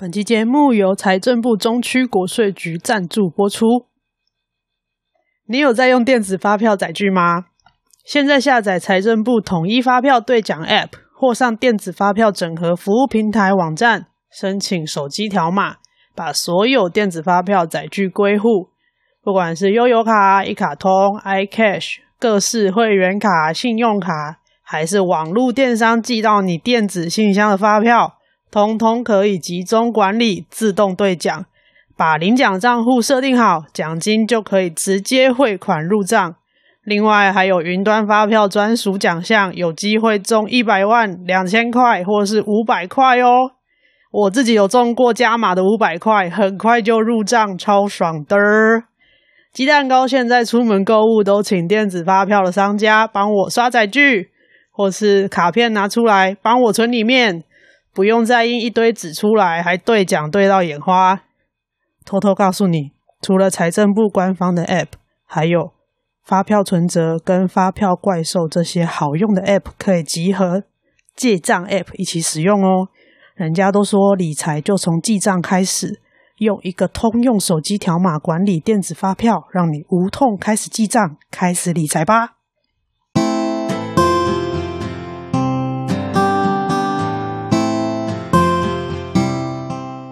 本期節目由財政部中區國稅局贊助播出。你有在用電子發票載具嗎？現在下載財政部統一發票兌獎 App，或上電子發票整合服務平台網站，申請手機條碼，把所有電子發票載具歸戶。不管是悠遊卡、一卡通、iCash、各式會員卡、信用卡，還是網絡電商寄到你電子信箱的發票。通通可以集中管理，自動對獎，把領獎賬戶設定好，獎金就可以直接匯款入賬。另外還有雲端發票專屬獎項，有機會中一百萬、兩千塊或是五百塊哦！我自己有中過加碼的五百塊，很快就入賬，超爽的。雞蛋糕現在出門購物都請電子發票的商家幫我刷載具，或是卡片拿出來幫我存裡面，不用再印一堆紙出來，還兌獎兌到眼花。偷偷告訴你，除了財政部官方的 App，還有發票存摺跟發票怪獸這些好用的 App，可以集合記賬 App 一起使用哦、喔。人家都說理財就從記賬開始，用一個通用手機條碼管理電子發票，讓你無痛開始記賬，開始理財吧。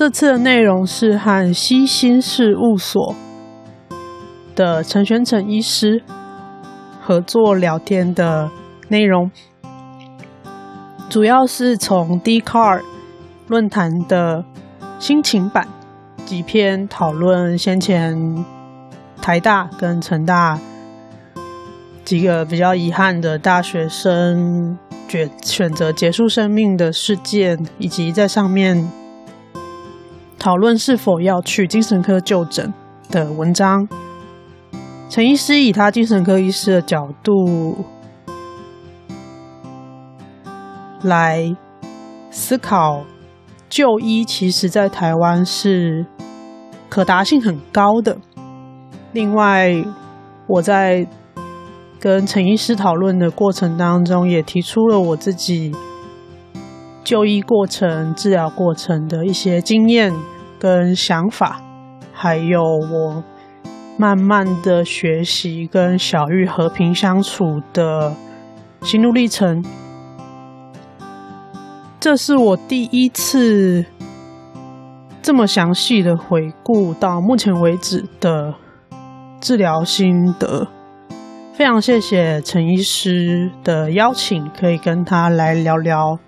這次的內容是和析心事務所的陳璿丞醫師合作聊天的內容，主要是從 Dcard 論壇的心情版幾篇討論先前台大跟成大幾個比較遺憾的大學生決選擇結束生命的事件，以及在上面，討論是否要去精神科就診的文章，陳醫師以他精神科醫師的角度來思考，就醫其實在台灣是可達性很高的。另外，我在跟陳醫師討論的過程當中，也提出了我自己。就醫過程、治療過程的一些經驗跟想法，還有我慢慢的學習跟小鬱和平相處的心路歷程。這是我第一次這麼詳細的回顧到目前為止的治療心得。非常謝謝陳醫師的邀請，可以跟他來聊聊。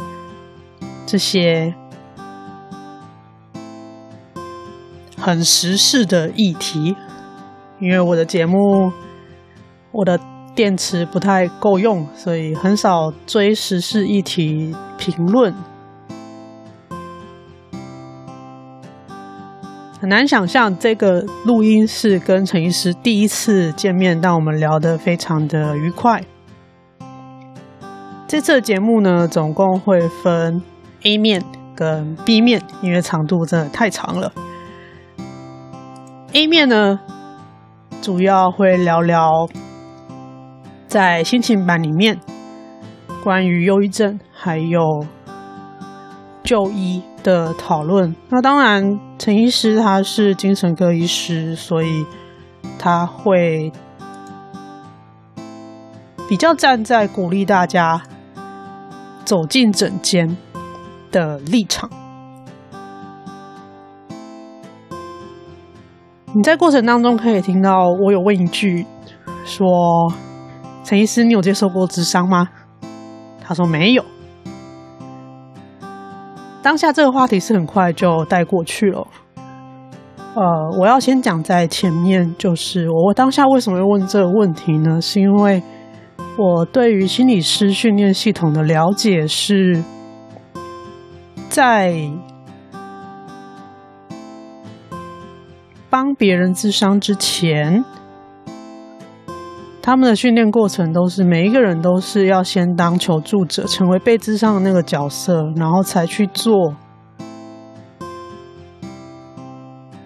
這些很時事的議題，因為我的節目我的電池不太夠用，所以很少追時事議題評論。很難想象這個錄音是跟陳醫師第一次見面，但我們聊得非常的愉快。這次的節目呢，總共會分 A 面跟 B 面，因為長度真的太長了。A 面呢，主要會聊聊在心情版裡面關於憂鬱症還有就醫的討論。那當然，陳醫師他是精神科醫師，所以他會比較站在鼓勵大家走進診間。的立場，你在過程當中可以聽到我有問一句，說：“陳醫師，你有接受過諮商嗎？”他說：“沒有。”當下這個話題是很快就帶過去了。呃，我要先講在前面，就是我當下為什麼要問這個問題呢？是因為我對於心理師訓練系統的了解是。在幫別人諮商之前，他們的訓練過程都是每一個人都是要先當求助者，成為被諮商的那個角色，然後才去做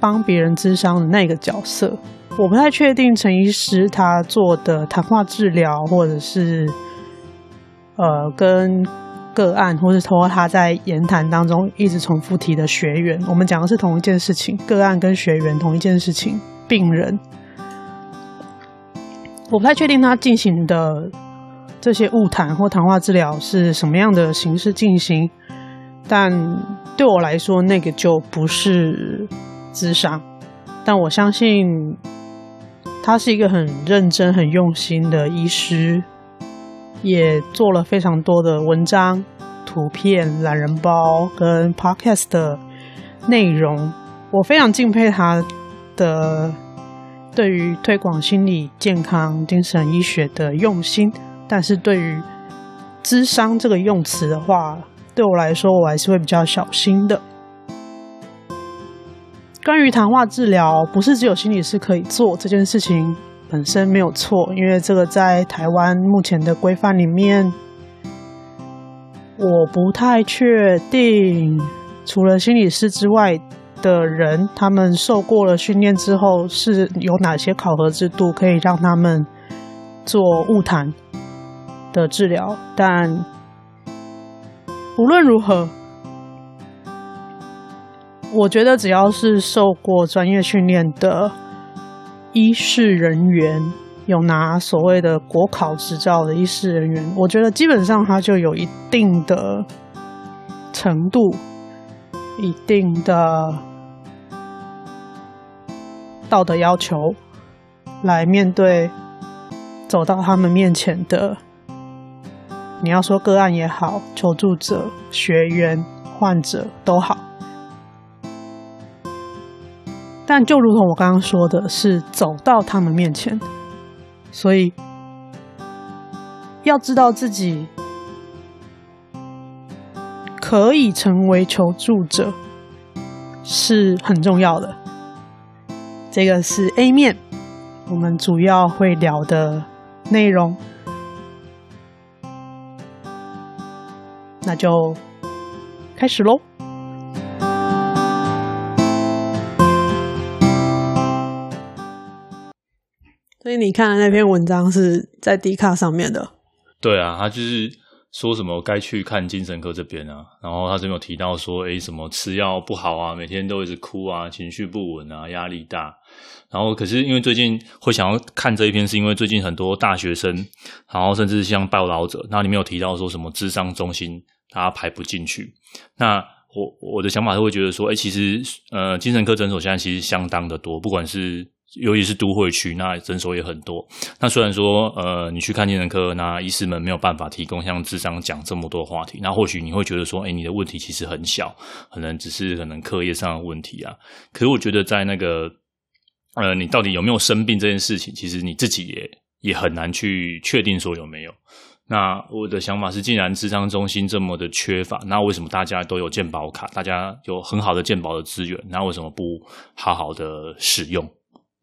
幫別人諮商的那個角色。我不太確定陳醫師他做的談話治療，或者是呃跟。個案，或是透過他在言談當中一直重複提的學員，我們講的是同一件事情。個案跟學員同一件事情，病人，我不太確定他進行的這些晤談或談話治療是什麼樣的形式進行，但對我來說，那個就不是諮商。但我相信，他是一個很認真、很用心的醫師。也做了非常多的文章、圖片、懶人包跟 Podcast 的內容，我非常敬佩他的對於推廣心理健康、精神醫學的用心。但是，對於“諮商”這個用詞的話，對我來說，我還是會比較小心的。關於談話治療，不是只有心理師可以做這件事情。本身沒有錯，因為這個在台灣目前的規範裡面，我不太確定，除了心理師之外的人，他們受過了訓練之後，是有哪些考核制度可以讓他們做晤談的治療？但無論如何，我覺得只要是受過專業訓練的醫事人員，有拿所謂的國考執照的醫事人員，我覺得基本上他就有一定的程度、一定的道德要求，來面對走到他們面前的。你要說個案也好，求助者、學員、患者都好。但就如同我剛剛說的，是走到他們面前，所以要知道自己可以成為求助者是很重要的。這個是 A 面，我們主要會聊的內容，那就開始嘍。你看的那篇文章是在 Dcard 上面的，對啊，他就是說什麼該去看精神科這邊啊，然後他這邊有提到說，誒，什麼吃藥不好啊，每天都一直哭啊，情緒不穩啊，壓力大，然後可是因為最近會想要看這一篇，是因為最近很多大學生，然後甚至像報導者，那裡面有提到說什麼諮商中心他排不進去，那我我的想法是會覺得說，誒，其實呃精神科診所現在其實相當的多，不管是。尤其是都會區，那診所也很多。那雖然說，呃，你去看精神科，那醫師們沒有辦法提供像諮商講這麼多話題。那或許你會覺得說，哎、欸，你的問題其實很小，可能只是可能課業上的問題啊。可是我覺得，在那個，呃，你到底有沒有生病這件事情，其實你自己也也很難去確定說有沒有。那我的想法是，既然諮商中心這麼的缺乏，那為什麼大家都有健保卡，大家有很好的健保的資源，那為什麼不好好的使用？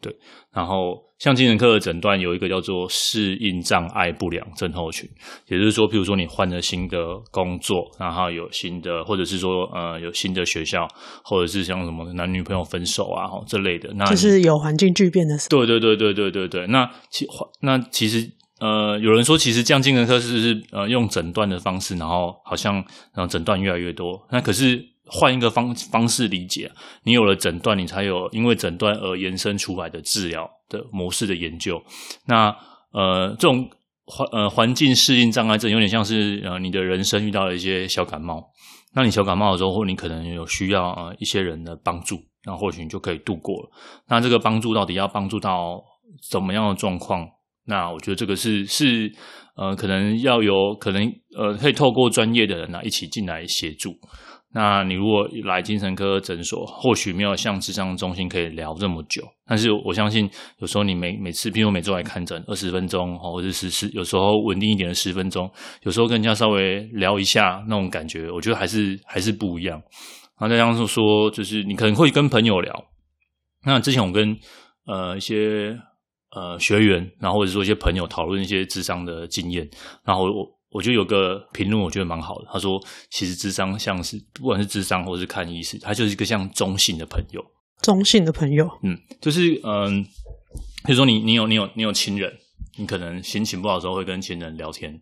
對，然後像精神科的診斷有一個叫做適應障礙不良症候群，也就是說，譬如說你換了新的工作，然後有新的，或者是說呃有新的學校，或者是像什麼男女朋友分手啊這類的，那就是有環境巨變的時候。對對對對對對對。那其那其實呃有人說，其實這樣精神科是是呃用診斷的方式，然後好像然後診斷越來越多，那可是。嗯換一個方方式理解，你有了診斷，你才有因為診斷而延伸出來的治療的模式的研究。那呃，這種環呃環境適應障礙症有點像是呃你的人生遇到了一些小感冒。那你小感冒的時候，或你可能有需要呃一些人的幫助，那或許你就可以度過了。那這個幫助到底要幫助到怎麼樣的狀況？那我覺得這個是是呃，可能要有可能呃，可以透過專業的人來，啊，一起進來協助。那，你如果來精神科診所，或許沒有像諮商中心可以聊這麼久，但是我相信有時候你每，每次，譬如每周來看診二十分鐘，或者是是有時候穩定一點的十分鐘，有時候跟人家稍微聊一下那種感覺，我覺得還是還是不一樣。那再加上說，就是你可能會跟朋友聊。那之前我跟呃一些呃學員，然後或者說一些朋友討論一些諮商的經驗，然後我。我就有個評論，我覺得蠻好的。他說：“其實諮商像是不管是諮商，或者是看醫師，他就是一個像中性的朋友。中性的朋友，嗯，就是嗯，比如說你，你有你有你有親人，你可能心情不好的時候會跟親人聊天，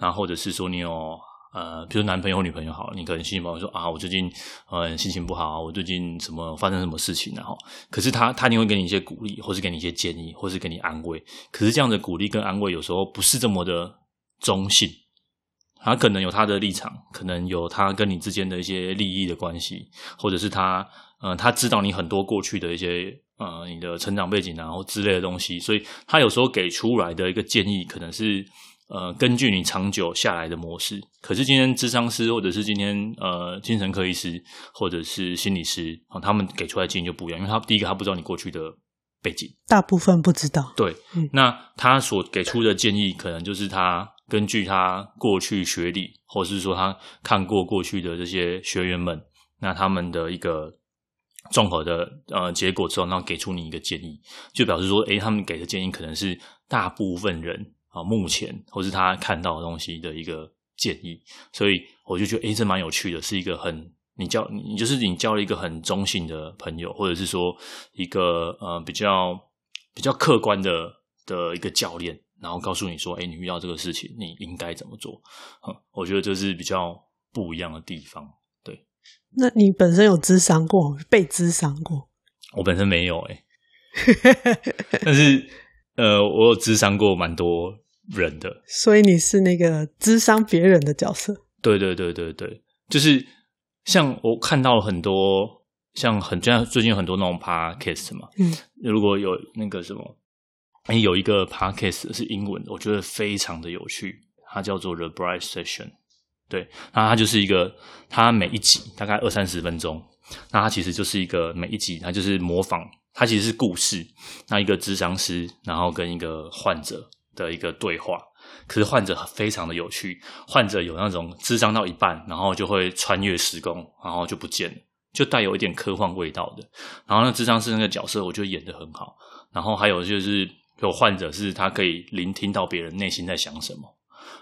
然後或者是說你有呃，比如說男朋友女朋友好，好你可能心情不好說啊，我最近呃、嗯、心情不好，我最近什麼發生什麼事情，然後，可是他他一定會給你一些鼓勵，或是給你一些建議，或是給你安慰。可是這樣的鼓勵跟安慰，有時候不是這麼的。”中性，他可能有他的立場，可能有他跟你之間的一些利益的關係，或者是他，呃，他知道你很多過去的一些，呃，你的成長背景、啊，然後之類的東西，所以他有時候給出來的一個建議，可能是，呃，根據你長久下來的模式。可是今天諮商師，或者是今天，呃，精神科醫師，或者是心理師，啊、呃，他們給出來的建議就不一樣，因為他第一個他不知道你過去的背景，大部分不知道。對，嗯、那他所給出的建議，可能就是他。根據他過去學歷，或是說他看過過去的這些學員們，那他們的一個綜合的呃結果之後，那給出你一個建議，就表示說，誒、欸，他們給的建議可能是大部分人啊、呃，目前或是他看到的東西的一個建議。所以我就覺得，誒、欸，這蠻有趣的，是一個很你交你就是你交了一個很中性的朋友，或者是說一個呃比較比較客觀的的一個教練。然後告訴你說，哎、欸，你遇到這個事情，你應該怎麼做、嗯？我覺得這是比較不一樣的地方。對，那你本身有諮商過，被諮商過？我本身沒有哎、欸， 但是呃，我有諮商過蠻多人的。所以你是那個諮商別人的角色？對對對對對，就是像我看到很多，像很像最近有很多那種 podcast 嘛，嗯，如果有那個什麼。哎，有一個 podcast 是英文，的，我覺得非常的有趣，它叫做 The Bright Session。對，那它就是一個，它每一集大概二三十分鐘，那它其實就是一個每一集，它就是模仿，它其實是故事，那一個智商師，然後跟一個患者的一個對話，可是患者非常的有趣，患者有那種智商到一半，然後就會穿越時空，然後就不見了，就帶有一點科幻味道的。然後那智商師那個角色，我覺得演得很好。然後還有就是。有患者是他可以聆聽到別人內心在想什麼，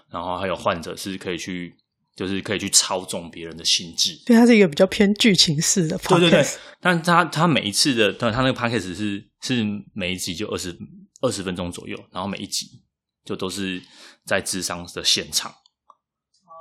然後還有患者是可以去，就是可以去操縱別人的心智。對，他是一個比較偏劇情式的 podcast。對、哦、對對，但他他每一次的，但他那個 podcast 是是每一集就二十二十分鐘左右，然後每一集就都是在諮商的現場。哦。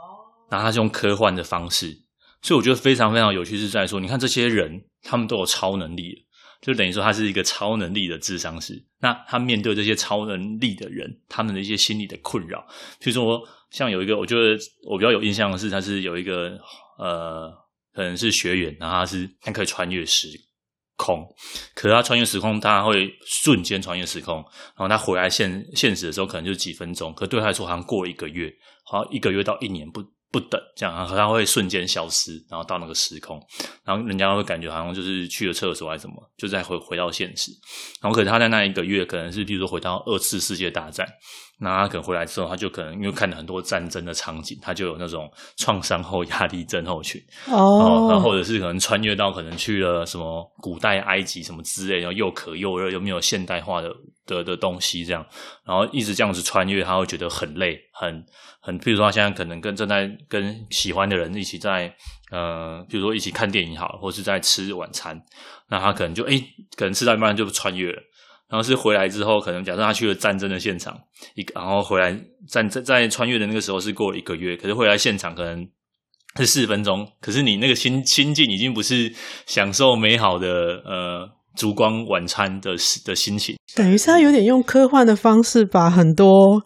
然後他是用科幻的方式，所以我覺得非常非常有趣是在說，你看這些人，他們都有超能力了。就等於說，他是一個超能力的諮商師。那他面對這些超能力的人，他們的一些心理的困擾。譬如說，像有一個，我覺得我比較有印象的是，他是有一個呃，可能是學員，然後他是他可以穿越時空，可是他穿越時空，他會瞬間穿越時空，然後他回來現現實的時候，可能就幾分鐘，可對他來說，好像過一個月，好像一個月到一年不不等這樣，然後他會瞬間消失，然後到那個時空，然後人家會感覺好像就是去了廁所還是什麼，就再回回到現實。然後可是他在那一個月，可能是比如說回到二次世界大戰。那阿肯回來之後，他就可能因為看了很多戰爭的場景，他就有那種創傷後壓力症候群哦。Oh. 然後或者是可能穿越到可能去了什麼古代埃及什麼之類的，然後又渴又熱又沒有現代化的的的東西，這樣，然後一直這樣子穿越，他會覺得很累，很很，譬如說他現在可能跟正在跟喜歡的人一起在呃，比如說一起看電影好，或是在吃晚餐，那他可能就哎、欸，可能吃到一半就穿越了。然後是回來之後，可能假設他去了戰爭的現場，然後回來戰在在穿越的那個時候是過了一個月，可是回來現場可能是四分鐘，可是你那個心心境已經不是享受美好的呃燭光晚餐的的心情，等於是他有點用科幻的方式把很多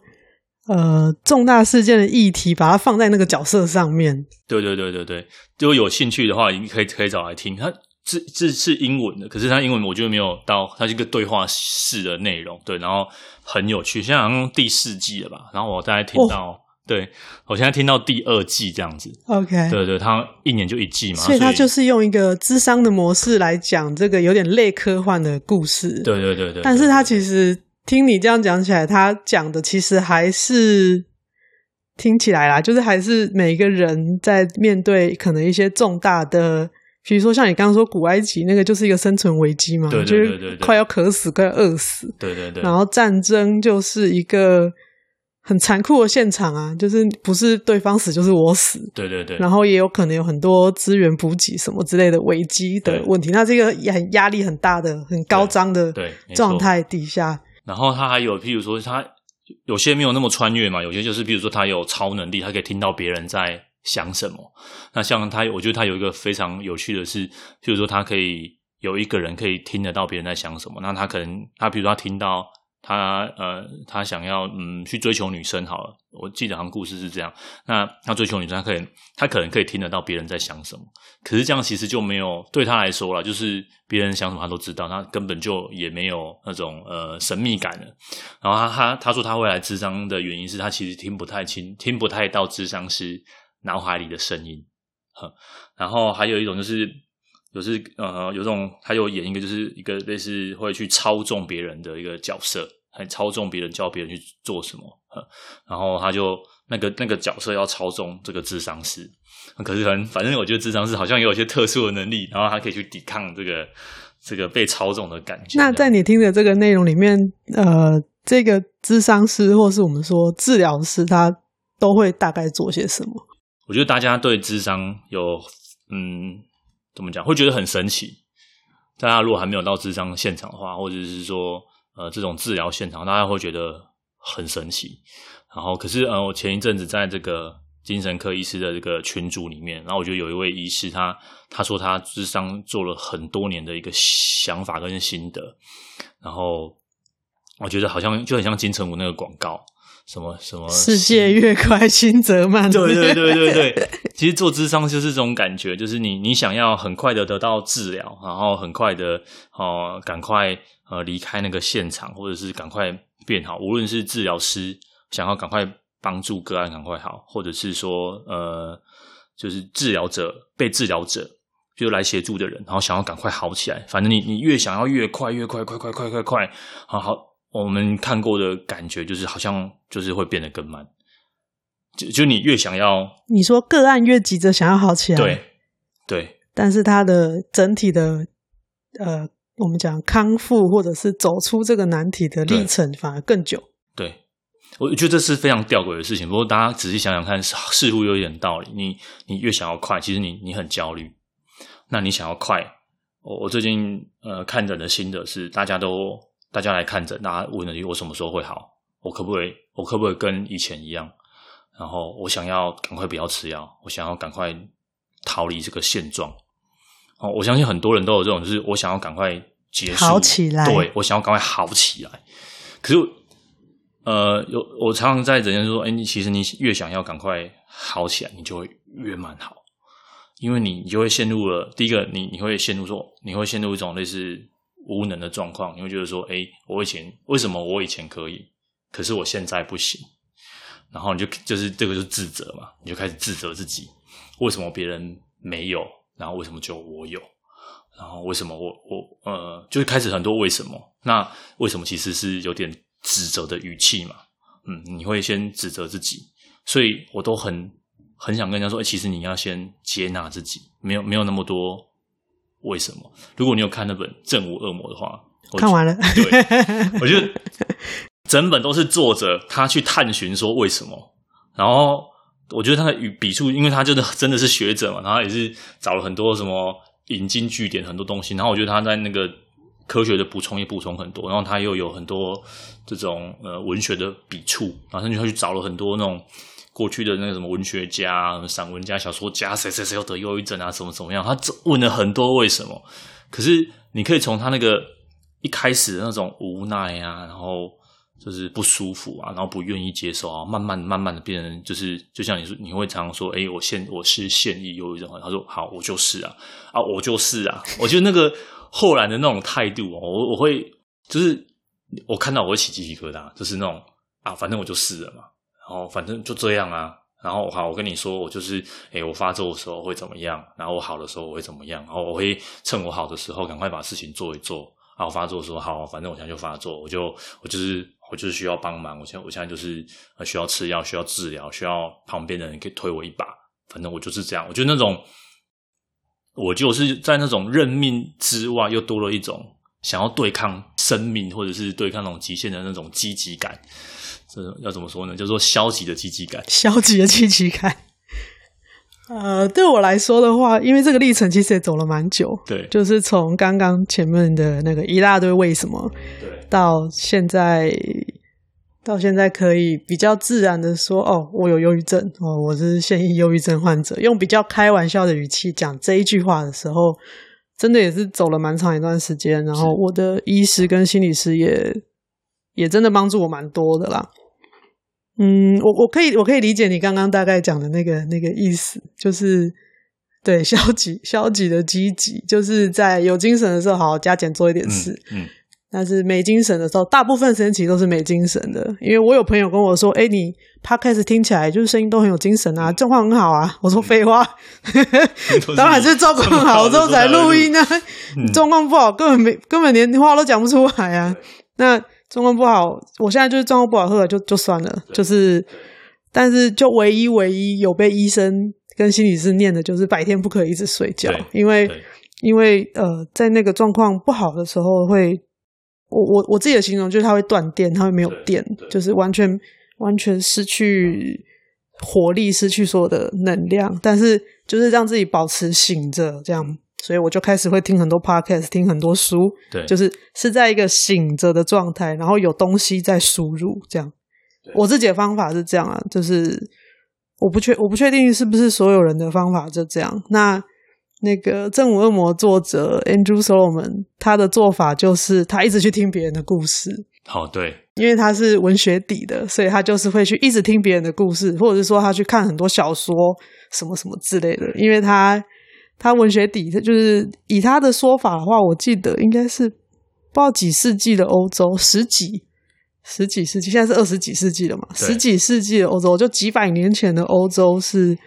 呃重大事件的議題把它放在那個角色上面。對對對對對對，如果有興趣的話，你可以可以找來聽他。是，是是英文的，可是它英文我就沒有到它是一個對話式的內容，對，然後很有趣，現在好像第四季了吧，然後我大概聽到，對我現在聽到第二季這樣子，OK，對對，它一年就一季嘛，所以它就是用一個諮商的模式來講這個有點類科幻的故事，對對對對，但是它其實聽你這樣講起來，它講的其實還是聽起來啦，就是還是每一個人在面對可能一些重大的。比如說，像你剛剛說古埃及那個，就是一個生存危機嘛，對對對對對就是快要渴死，對對對快要餓死。對對對。然後戰爭就是一個很殘酷的現場啊，就是不是對方死就是我死。對對對。然後也有可能有很多資源補給什麼之類的危機的問題，對那這個很壓力很大的、很高張的狀態底下。然後他還有，譬如說，他有些沒有那麼穿越嘛，有些就是，比如說，他有超能力，他可以聽到別人在。想什麼？那像他，我覺得他有一個非常有趣的事，就是說他可以有一個人可以聽得到別人在想什麼。那他可能他比如說他聽到他呃他想要嗯去追求女生好了，我記得好像故事是這樣，那他追求女生，他可能他可能可以聽得到別人在想什麼。可是這樣其實就沒有對他來說了，就是別人想什麼他都知道，他根本就也沒有那種呃神秘感了。然後他他，他說他會來諮商的原因是他其實聽不太清，聽不太到諮商是腦海裡的聲音，呵，然後還有一種就是，有、就、時、是、呃，有種他有演一個，就是一個類似會去操縱別人的一個角色，還操縱別人叫別人去做什麼，呵，然後他就那個那個角色要操縱這個諮商師，可是反反正我覺得諮商師好像也有一些特殊的能力，然後他可以去抵抗這個這個被操縱的感覺。那在你聽的這個內容裡面，呃，這個諮商師或是我們說治療師，他都會大概做些什麼？我覺得大家對諮商有，嗯，怎麼講，會覺得很神奇。大家如果還沒有到諮商現場的話，或者是說，呃，這種治療現場，大家會覺得很神奇。然後，可是，呃，我前一陣子在這個精神科醫師的這個群組裡面，然後我覺得有一位醫師他，他他說他諮商做了很多年的一個想法跟心得，然後我覺得好像就很像金城武那個廣告。什麼什麼？世界越快，心則慢。對對對對對，對，其實做諮商就是這種感覺，就是你你想要很快的得到治療，然後很快的哦，趕快呃離開那個現場，或者是趕快變好。無論是治療師想要趕快幫助個案趕快好，或者是說呃，就是治療者被治療者就來協助的人，然後想要趕快好起來。反正你你越想要越快，越快快快快快快，好好。我們看過的感覺就是，好像就是會變得更慢。就就你越想要，你說個案越急着想要好起來，對對。對，但是他的整體的，呃，我們講康復或者是走出這個難題的歷程反而更久，對。對，我覺得這是非常吊詭的事情。不過大家仔細想想看，似乎有一點道理。你你越想要快，其實你你很焦慮。那你想要快，我我最近呃看診的心得是大家都。大家來看着，大家問了，我什麼時候會好？我可不可以？我可不可以跟以前一樣？然後我想要趕快不要吃藥，我想要趕快逃離這個現狀。哦，我相信很多人都有這種，就是我想要趕快結束，好起來。對，我想要趕快好起來，可是，呃，有我常常在人家說，哎，其實你越想要趕快好起來，你就會越慢好，因為你，你就會陷入了第一個，你你會陷入說，你會陷入一種類似。無能的狀況，你會覺得說：“欸，我以前為什麼我以前可以，可是我現在不行？”然後你就就是這個，就自責嘛，你就開始自責自己，為什麼別人沒有，然後為什麼就我有，然後為什麼我我呃，就開始很多為什麼？那為什麼其實是有點指責的語氣嘛？嗯，你會先指責自己，所以我都很很想跟人家說：“欸，其實你要先接納自己，沒有沒有那麼多。”為什麼？如果你有看那本《正午惡魔》的話，我看完了對， 我覺得整本都是作者他去探尋說為什麼。然後我覺得他的筆筆觸，因為他真的真的是學者嘛，然後也是找了很多什麼引經據典很多東西。然後我覺得他在那個科學的補充也補充很多，然後他又有很多這種呃文學的筆觸，然後他就去找了很多那種。過去的那個什麼文學家、啊、散文家、小說家，誰誰誰又得憂鬱症啊？什麼什麼樣？他問了很多為什麼，可是你可以從他那個一開始的那種無奈啊，然後就是不舒服啊，然後不願意接受啊，慢慢慢慢的變成就是，就像你說，你會常說：“哎、欸，我現我是現役憂鬱症。”他說：“好，我就是啊，啊，我就是啊。”我覺得那個後來的那種態度哦、啊，我我會就是我看到我會起雞皮疙瘩，就是那種啊，反正我就是了嘛。然後、哦、反正就這樣啊。然後好，我跟你說，我就是，誒、欸，我發作的時候會怎麼樣？然後我好的時候我會怎麼樣？然後我會趁我好的時候趕快把事情做一做。然後、啊、發作的時候好，反正我現在就發作，我就我就是我就是需要幫忙。我現在我現在就是需要吃藥，需要治療，需要旁邊的人可以推我一把。反正我就是這樣。我覺得那種，我就是在那種認命之外，又多了一種。想要對抗生命，或者是對抗那種極限的那種積極感，這要怎麼說呢？叫做消極的積極感，消極的積極感。呃，對我來說的話，因為這個歷程其實也走了蠻久，對，就是從剛剛前面的那個一大堆為什麼，對，到現在，到現在可以比較自然的說，哦，我有憂鬱症，哦，我是現役憂鬱症患者，用比較開玩笑的語氣講這一句話的時候。真的也是走了蠻長一段時間，然後我的醫師跟心理師是也也真的幫助我蠻多的啦。嗯，我我可以我可以理解你剛剛大概講的那個那個意思，就是對消極消極的積極，就是在有精神的時候好好加減做一點事。嗯嗯但是沒精神的時候，大部分時間都是沒精神的。因為我有朋友跟我說：“哎、欸，你 podcast 聽起來就是聲音都很有精神啊。”狀況很好啊。我說廢話，嗯、 當然是狀況好之後才錄音啊。狀況、嗯、不好，根本沒，根本連話都講不出來啊。嗯、那狀況不好，我現在就是狀況不好，喝了就就算了。對就是，對但是就唯一唯一有被醫生跟心理師念的，就是白天不可以一直睡覺，對因為對因為呃，在那個狀況不好的時候會。我我自己的形容就是它會斷電，它會沒有電，就是完全完全失去活力，失去所有的能量。但是就是讓自己保持醒着，這樣，所以我就開始會聽很多 podcast，聽很多書，對，就是是在一個醒着的狀態，然後有東西在輸入，這樣。對我自己的方法是這樣啊，就是我不確我不確定是不是所有人的方法就這樣。那那個《正午惡魔》作者 Andrew Solomon，他的做法就是他一直去聽別人的故事。哦，對，因為他是文學底的，所以他就是會去一直聽別人的故事，或者是說他去看很多小說，什麼什麼之類的。因為他他文學底，他就是以他的說法的話，我記得應該是不知道幾世紀的歐洲，十幾十幾世紀，現在是二十幾世紀了嘛？對十幾世紀的歐洲，就幾百年前的歐洲是。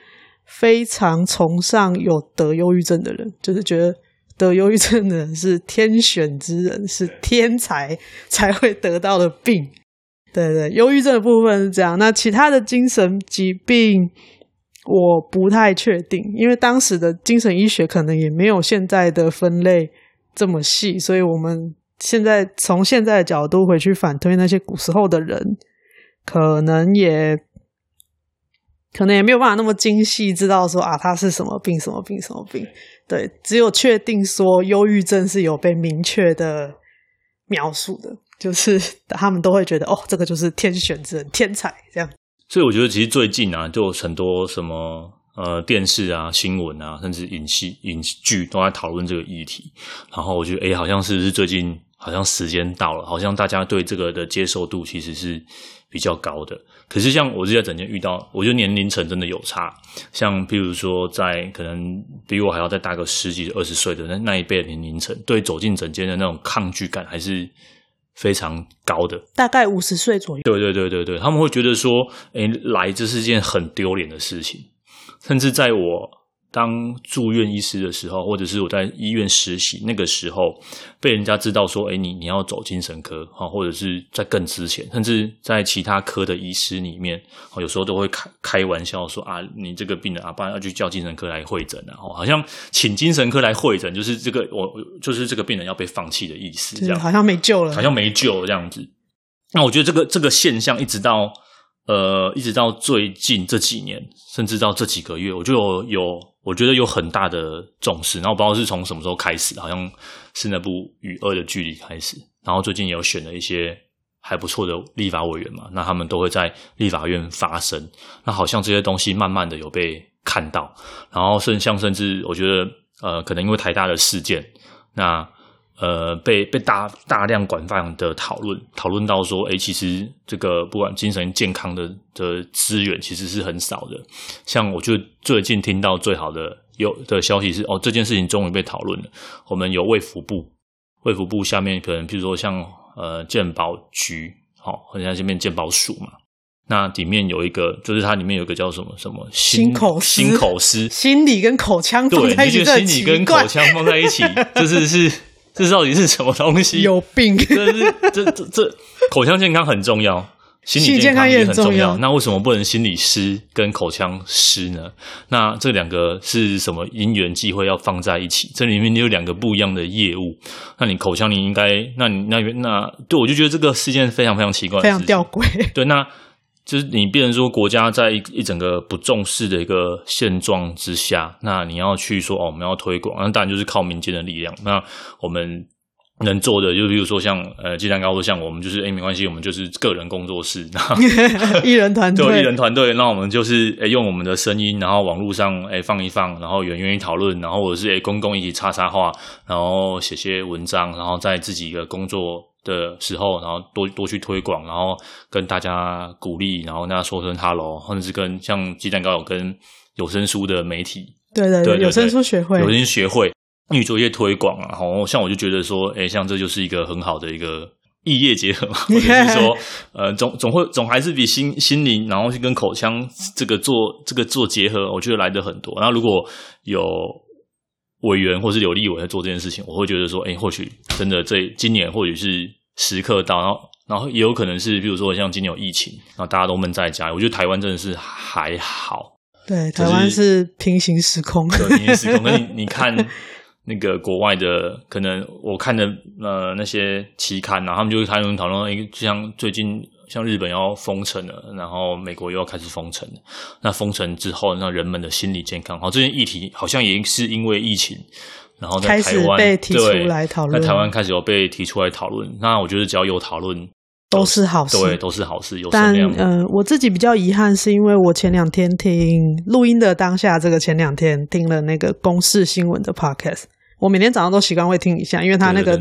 非常崇尚有得憂鬱症的人，就是覺得得憂鬱症的人是天選之人，是天才才會得到的病。對對，憂鬱症的部分是這樣。那其他的精神疾病，我不太確定，因為當時的精神醫學可能也沒有現在的分類這麼細。所以我們現在從現在的角度回去反推，那些古時候的人，可能也。可能也沒有辦法那麼精細知道說啊，他是什麼病，什麼病，什麼病，對，只有確定說憂鬱症是有被明確的描述的，就是他們都會覺得哦，這個就是天選之人，天才這樣。所以我覺得其實最近啊，就有很多什麼呃電視啊、新聞啊，甚至影視、影劇都在討論這個議題。然後我覺得哎、欸，好像是不是最近好像時間到了，好像大家對這個的接受度其實是比較高的。可是像我是在診間遇到，我覺得年齡層真的有差。像譬如說在，在可能比我還要再大個十幾二十歲的那那一輩的年齡層，對走進診間的那種抗拒感還是非常高的。大概五十歲左右。對對對對對，他們會覺得說，哎、欸，來這是件很丟臉的事情，甚至在我。當住院醫師的時候，或者是我在醫院實習那個時候，被人家知道說：“誒，你你要走精神科啊？”或者是在更之前，甚至在其他科的醫師裡面，有時候都會開開玩笑說：“啊，你這個病人啊，不然要去叫精神科來會診的啊。”好像請精神科來會診，就是這個我就是這個病人要被放棄的意思，這樣好像沒救了，好像沒救了這樣子。那我覺得這個這個現象一直到。呃，一直到最近這幾年，甚至到這幾個月，我就有，有我覺得有很大的重視。然後我不知道是從什麼時候開始，好像是那部《與惡的距離》開始，然後最近也有選了一些還不錯的立法委員嘛，那他們都會在立法院發聲。那好像這些東西慢慢的有被看到，然後甚像甚至，我覺得呃，可能因為台大的事件，那。呃，被被大大量廣泛的討論，討論到說，哎、欸，其實這個不管精神健康的的資源其實是很少的。像我就最近聽到最好的有的消息是，哦，這件事情終於被討論了。我們有衛福部，衛福部下面可能譬如說像呃，健保局，好、哦，很像下面健保署嘛。那裡面有一個，就是它裡面有一個叫什麼什麼心口心口司，心理跟口腔放在一起，對，心理跟口腔放在一起，這 是是。這到底是什麼東西？有病！這這這口腔健康很重要，心理健康也很重要。那為什麼不能心理師跟口腔師呢？那這兩個是什麼因緣際會要放在一起？這裡面你有兩個不一樣的業務，那你口腔你應該，那你那那，那對我就覺得這個事件非常非常奇怪，非常吊詭。對，那。就是你，變成說國家在一一整個不重視的一個現狀之下，那你要去說哦，我們要推廣，那當然就是靠民間的力量。那我們能做的，就是比如說像呃，雞蛋糕，就像我們就是誒、欸、沒關係，我們就是個人工作室，然後一人團隊，對，一人團隊，那我們就是誒、欸、用我們的聲音，然後網絡上哎、欸、放一放，然後有人願意討論，然後或者是哎、欸、公公一起插插話，然後寫些文章，然後在自己的工作，的時候，然後多多去推廣，然後跟大家鼓勵，然後跟大家說聲哈嘍，或者是跟像雞蛋糕有跟有聲書的媒體，對的對，對，對有聲書學會，有聲學會，你做一些推廣啊，好像我就覺得說，誒像這就是一個很好的一個異業結合嘛， 或者是說，呃，總總會總還是比心心靈，然後去跟口腔這個做這個做結合，我覺得來得很多。那如果有。委員或是有立委在做這件事情，我會覺得說，哎、欸，或許真的這今年或許是時刻到，然後然後也有可能是，比如說像今年有疫情，然後大家都悶在家，我覺得台灣真的是還好，對，是台灣是平行時空，平行時空。那你你看那個國外的， 可能我看的呃那些期刊，然後他們就他們討論，一個就像最近。像日本要封城了，然後美國，又要開始封城了。那封城之後，那人們的心理健康，好，這件議題好像也是因為疫情，然後在台灣對來討論，在對台灣開始有被提出來討論。討論那我覺得只要有討論，都是好事，都是，對都是好事。有量論但呃，我自己比較遺憾，是因為我前兩天聽錄音的當下，這個前兩天聽了那個公視新聞的 podcast。我每天早上都習慣會聽一下，因為他那個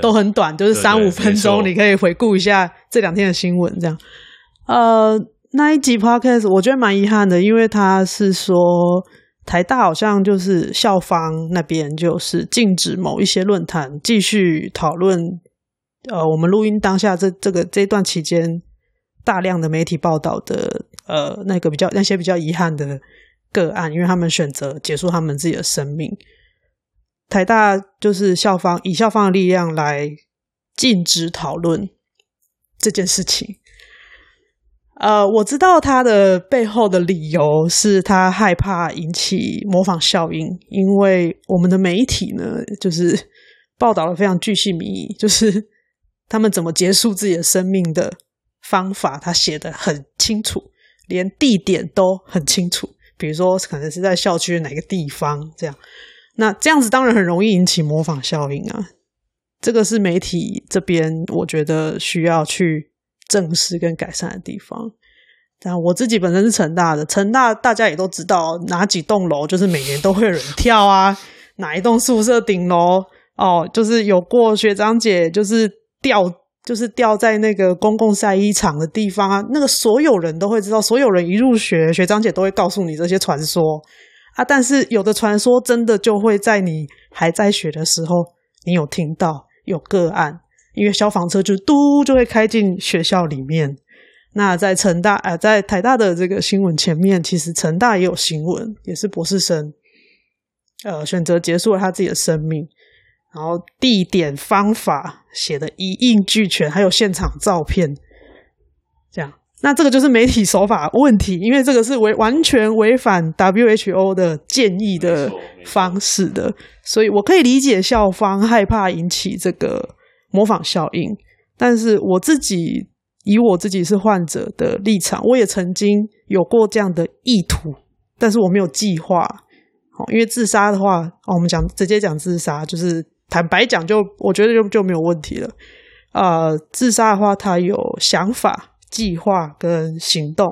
都很短，就是三五分鐘，你可以回顧一下這兩天的新聞。這樣，呃，那一集 podcast 我覺得蠻遺憾的，因為他是說台大好像就是校方那邊就是禁止某一些論壇繼續討論，呃，我們錄音當下這這個這一段期間大量的媒體報道的呃，那個比較那些比較遺憾的個案，因為他們選擇結束他們自己的生命。台大就是校方以校方的力量來禁止討論這件事情。呃，我知道他的背後的理由是他害怕引起模仿效應，因為我們的媒體呢，就是報道了非常鉅細靡遺，就是他們怎麼結束自己的生命的方法，他寫得很清楚，連地點都很清楚，比如說可能是在校區的哪個地方這樣。那這樣子當然很容易引起模仿效應啊，這個是媒體這邊我覺得需要去正視跟改善的地方。但我自己本身是成大的，成大大家也都知道哪幾棟樓就是每年都會有人跳啊，哪一棟宿舍頂樓哦，就是有過學長姐就是掉，就是掉在那個公共曬衣場的地方啊，那個所有人都會知道，所有人一入學，學長姐都會告訴你這些傳說。啊！但是有的傳說真的就會在你還在學的時候，你有聽到有個案，因為消防車就嘟就會開進學校裡面。那在成大，呃，在台大的這個新聞前面，其實成大也有新聞，也是博士生，呃，選擇結束了他自己的生命，然後地點、方法寫得一應俱全，還有現場照片，這樣。那這個就是媒體手法，問題，因為這個是違完全違反 WHO 的建議的方式的，所以我可以理解校方害怕引起這個模仿效應，但是我自己以我自己是患者的立場，我也曾經有過這樣的意圖，但是我沒有計劃，哦，因為自殺的話，哦，我們講直接講自殺，就是坦白講就，就我覺得就就沒有問題了，啊，呃，自殺的話，他有想法。計劃跟行動，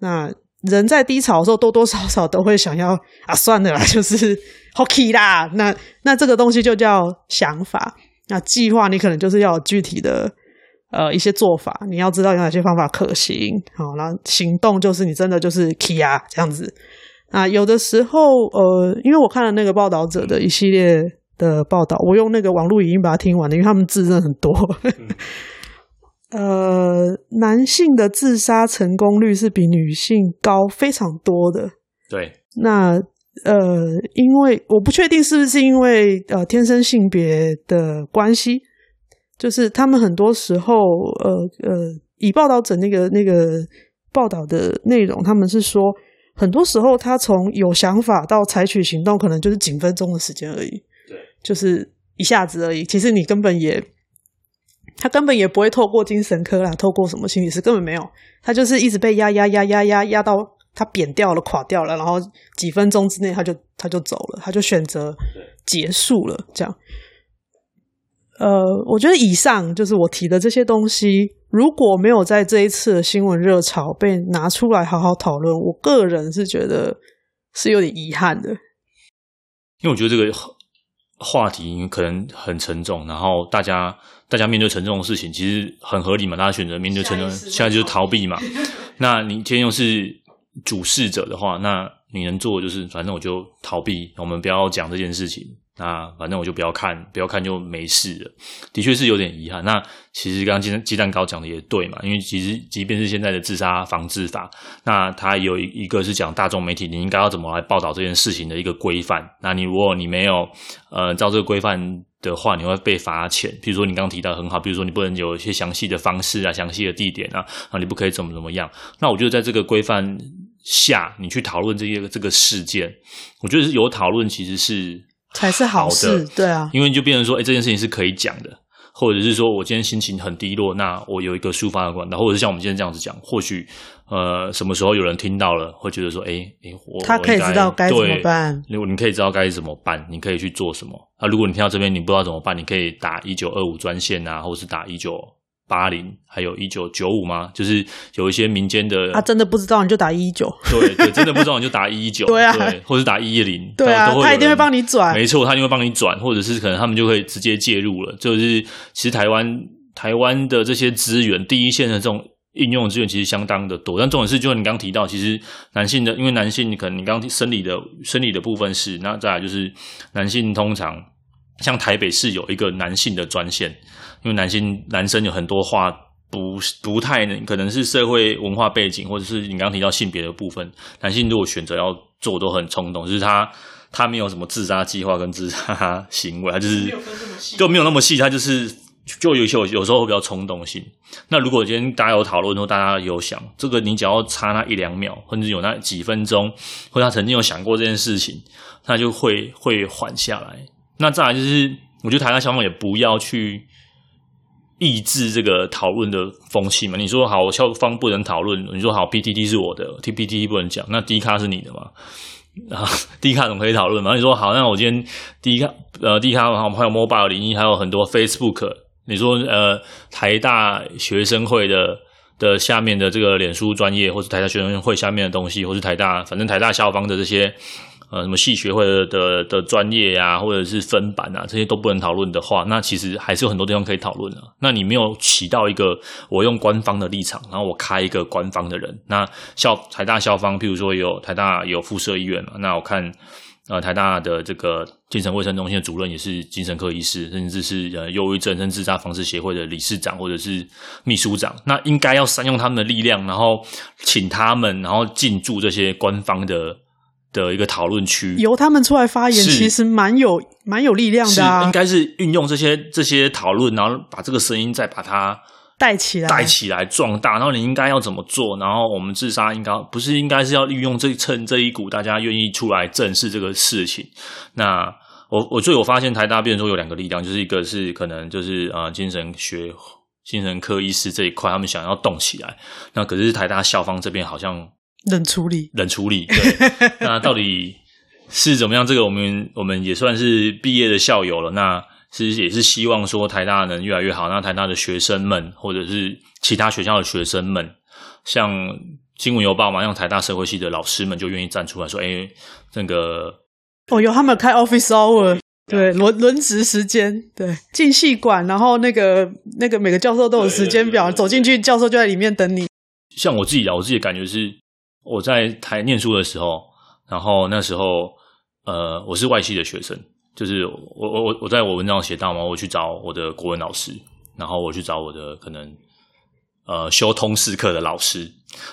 那人在低潮的時候多多少少都會想要啊，算了啦，就是好氣啦。那那這個東西就叫想法。那計劃你可能就是要有具體的呃一些做法，你要知道有哪些方法可行。好，那行動就是你真的就是可以啊這樣子。啊，有的時候呃，因為我看了那個報導者的一系列的報道，我用那個網絡語音把它聽完了，因為他們字真的很多。嗯。呃，男性的自殺成功率是比女性高非常多的。對，那呃，因為我不確定是不是因為呃天生性別的關係，就是他們很多時候，呃呃，以報導者那個那個報道的內容，他們是說，很多時候他從有想法到採取行動，可能就是幾分鐘的時間而已。對，就是一下子而已。其實你根本也。他根本也不會透過精神科啦，透過什麼心理師根本沒有，他就是一直被壓壓壓壓壓壓到他扁掉了、垮掉了，然後幾分鐘之內他就他就走了，他就選擇結束了這樣。呃，我覺得以上就是我提的這些東西，如果沒有在這一次的新聞熱潮被拿出來好好討論，我個人是覺得是有點遺憾的，因為我覺得這個話題可能很沉重，然後大家。大家面對沉重的事情，其實很合理嘛。大家選擇面對沉重，現在就是逃避嘛。 那你今天又是主事者的話，那你能做的就是，反正我就逃避。我們不要講這件事情，那反正我就不要看，不要看就沒事了。的確是有點遺憾。那其實剛剛雞蛋雞蛋糕講的也對嘛，因為其實即便是現在的自殺防治法，那它有一一個是講大眾媒體你應該要怎麼來報道這件事情的一個規範。那你如果你沒有呃照這個規範，的話，你會被罰錢。比如說你剛剛提到很好，比如說你不能有一些詳細的方式啊、詳細的地點啊，啊，你不可以怎麼怎麼樣。那我覺得在這個規範下，你去討論這些這個事件，我覺得有討論其實是才是好事，對啊，因為就變成說，哎、欸，這件事情是可以講的。或者是說我今天心情很低落，那我有一個抒發的管道，或者是像我們今天這樣子講，或許呃什麼時候有人聽到了，會覺得說，誒、欸、誒、欸，我他可以知道該，對該怎麼辦，你你可以知道該怎麼辦，你可以去做什麼啊？如果你聽到這邊你不知道怎麼辦，你可以打一九二五專線啊，或者是打一九。八零，80，還有一九九五嗎？就是有一些民間的，他、啊、真的不知道你就打一一九，對對，真的不知道你就打一一九，對啊，對或者打一一零，對啊他，他一定會幫你轉，沒錯，他一定會幫你轉，或者是可能他們就會直接介入了。就是其實台灣台灣的這些資源，第一線的這種應用資源其實相當的多，但重點是，就像你剛提到，其實男性的，因為男性，可能你剛生理的生理的部分是，那再來就是男性通常。像台北市有一個男性的專線，因為男性男生有很多話不不太能，可能是社會文化背景，或者是你剛剛提到性別的部分。男性如果選擇要做，都很衝動，就是他他沒有什麼自殺計劃跟自殺行為，他就是就都沒有那麼細，他就是就有些有，有時候會比較衝動性。那如果今天大家有討論，說大家有想這個，你只要差那一兩秒，或者是有那幾分鐘，或者他曾經有想過這件事情，他就會會緩下來。那再來就是，我覺得台大校方也不要去抑制這個討論的風氣嘛。你說好，校方不能討論。你說好，PTT 是我的，TPT 不能講。那 D 卡是你的嘛？啊 ，D 卡怎麼可以討論嘛？你說好，那我今天 D 卡呃 D 卡嘛，還有 mobile 零一，還有很多 Facebook。你說呃，台大學生會的的下面的這個臉書專頁，或者台大學生會下面的東西，或是台大，反正台大校方的這些。呃，什麼系學會的的、的專業啊，或者是分版啊，這些都不能討論的話，那其實還是有很多地方可以討論的啊。那你沒有起到一個我用官方的立場，然後我開一個官方的人。那校台大校方，譬如說有台大有附設醫院嘛，那我看呃台大的這個精神衛生中心的主任也是精神科醫師，甚至是呃憂鬱症甚至是自殺防治協會的理事長或者是秘書長，那應該要善用他們的力量，然後請他們，然後進駐這些官方的。的一個討論區，由他們出來發言，其實蠻有是蠻有力量的啊。應該是運用這些這些討論，然後把這個聲音再把它帶起來，帶起來壯大。然後你應該要怎麼做？然後我們自殺應該不是應該是要運用這趁這一股大家願意出來正視這個事情。那我我最有發現，台大變說有兩個力量，就是一個是可能就是啊、呃、精神學、精神科醫師這一塊，他們想要動起來。那可是台大校方這邊好像。冷處理，冷處理對。那到底是怎麼樣？這個我們我們也算是畢業的校友了，那其實也是希望說台大能越來越好。那台大的學生們，或者是其他學校的學生們，像《金文郵報》嘛，像台大社會系的老師們就願意站出來說：“哎、欸，那、這個……哦，有他們開 office hour，對，輪輪對值時間，對，進系館，然後那個那個每個教授都有時間表，對對對對走進去，教授就在裡面等你。對對對對像我自己啊，我自己感覺是。我在台念書的時候，然後那時候，呃，我是外系的學生，就是我我我在我文章寫到嘛，我去找我的國文老師，然後我去找我的可能，呃，修通識課的老師，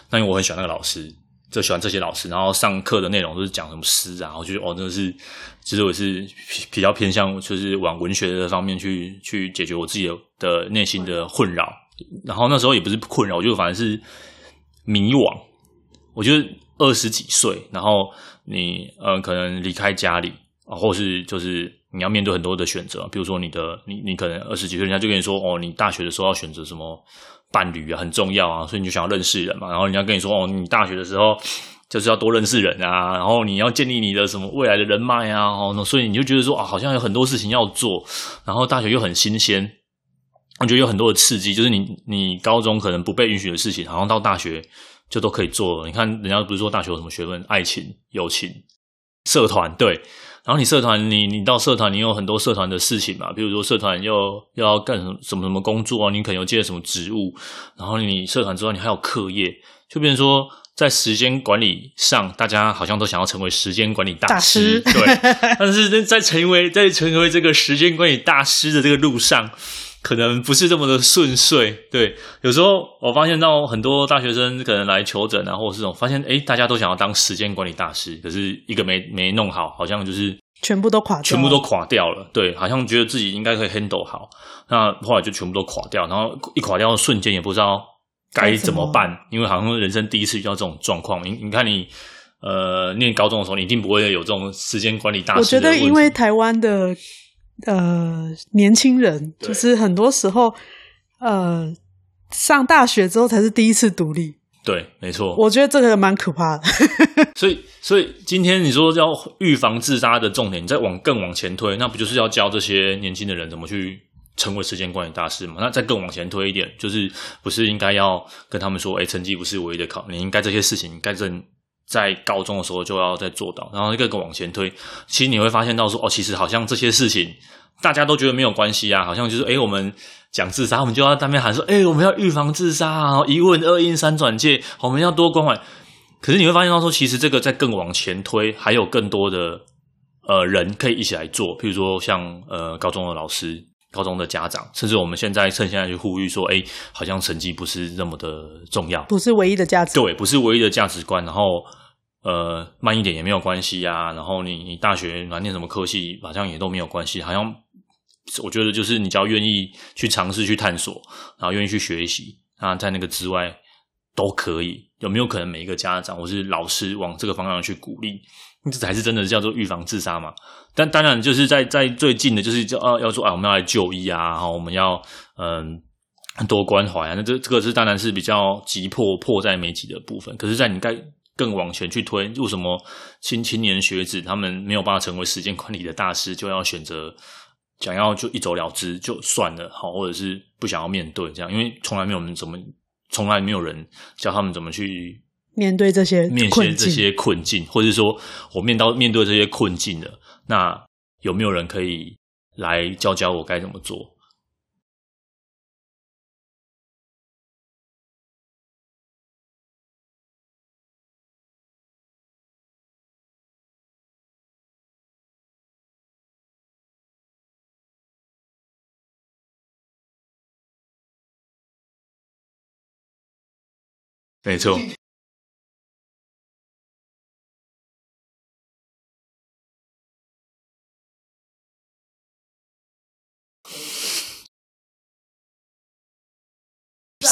那因為我很喜歡那個老師，就喜歡這些老師，然後上課的內容都是講什麼詩啊，然後就哦，真的是，其實我是比較偏向，就是往文學的方面去去解決我自己的，的內心的困擾，然後那時候也不是困擾，我就反正是迷惘。我覺得二十幾歲，然後你呃、嗯，可能離開家裡啊，或是就是你要面對很多的選擇，比如說你的你你可能二十幾歲，人家就跟你說哦，你大學的時候要選擇什麼伴侶啊，很重要啊，所以你就想要認識人嘛。然後人家跟你說哦，你大學的時候就是要多認識人啊，然後你要建立你的什麼未來的人脈啊，哦，所以你就覺得說啊、哦，好像有很多事情要做，然後大學又很新鮮，我覺得有很多的刺激，就是你你高中可能不被允許的事情，好像到大學，就都可以做了。你看人家不是說大學有什麼學分，愛情、友情、社團對，然後你社團你你到社團你有很多社團的事情嘛，比如說社團要要幹什什麼什麼工作啊，你可能又接了什麼職務，然後你社團之外你還有課業，就變成說在時間管理上，大家好像都想要成為時間管理大師，大師對， 但是在成為在成為這個時間管理大師的這個路上，可能不是這麼的順遂，對。有時候我發現到很多大學生可能來求診啊，或者是這種發現，誒，欸，大家都想要當時間管理大師，可是一個沒沒弄好，好像就是全部都垮掉了，全部都垮掉了。對，好像覺得自己應該可以 handle 好，那後來就全部都垮掉，然後一垮掉的瞬間也不知道該怎麼辦，那什麼？因為好像人生第一次遇到這種狀況。你你看你，呃，念高中的時候，你一定不會有這種時間管理大師。我覺得因為台灣的。呃，年輕人對就是很多時候，呃，上大學之後才是第一次獨立。對，沒錯，我覺得這個蠻可怕的。 所以，所以今天你說要預防自殺的重點，你再往更往前推，那不就是要教這些年輕的人怎麼去成為時間管理大師嘛，那再更往前推一點，就是不是應該要跟他們說，誒，成績不是唯一的考，你應該這些事情應該正在高中的時候就要再做到，然後一個一個往前推。其實你會發現到說，哦，其實好像這些事情大家都覺得沒有關係啊，好像就是誒、欸、我們講自殺，我們就要當面喊說，誒、欸、我們要預防自殺啊，一問二應三轉介，我們要多關懷。可是你會發現到說，其實這個再更往前推，還有更多的呃人可以一起來做，譬如說像呃高中的老師。高中的家長，甚至我們現在趁現在去呼籲說：“哎、欸，好像成績不是那麼的重要，不是唯一的價值，對，不是唯一的價值觀。然後，呃，慢一點也沒有關係啊。然後你你大學反正念什麼科系，好像也都沒有關係。好像我覺得就是你只要願意去嘗試去探索，然後願意去學習啊，那在那個之外都可以。有沒有可能每一個家長或是老師往這個方向去鼓勵？”這才是真的叫做預防自殺嘛？但當然，就是在在最近的，就是要、啊、要說啊、哎，我們要來就醫啊，好，我們要嗯多關懷啊。那這這個是當然是比較急迫、迫在眉睫的部分。可是，在你該更往前去推，為什麼新青年學子他們沒有辦法成為時間管理的大師，就要選擇想要就一走了之就算了，好，或者是不想要面對這樣，因為從來沒有人怎麼，從來沒有人教他們怎麼去。面對這些困境，面前這些困境，或者說，我面到面對這些困境的，那有沒有人可以來教教我該怎麼做？ 沒錯。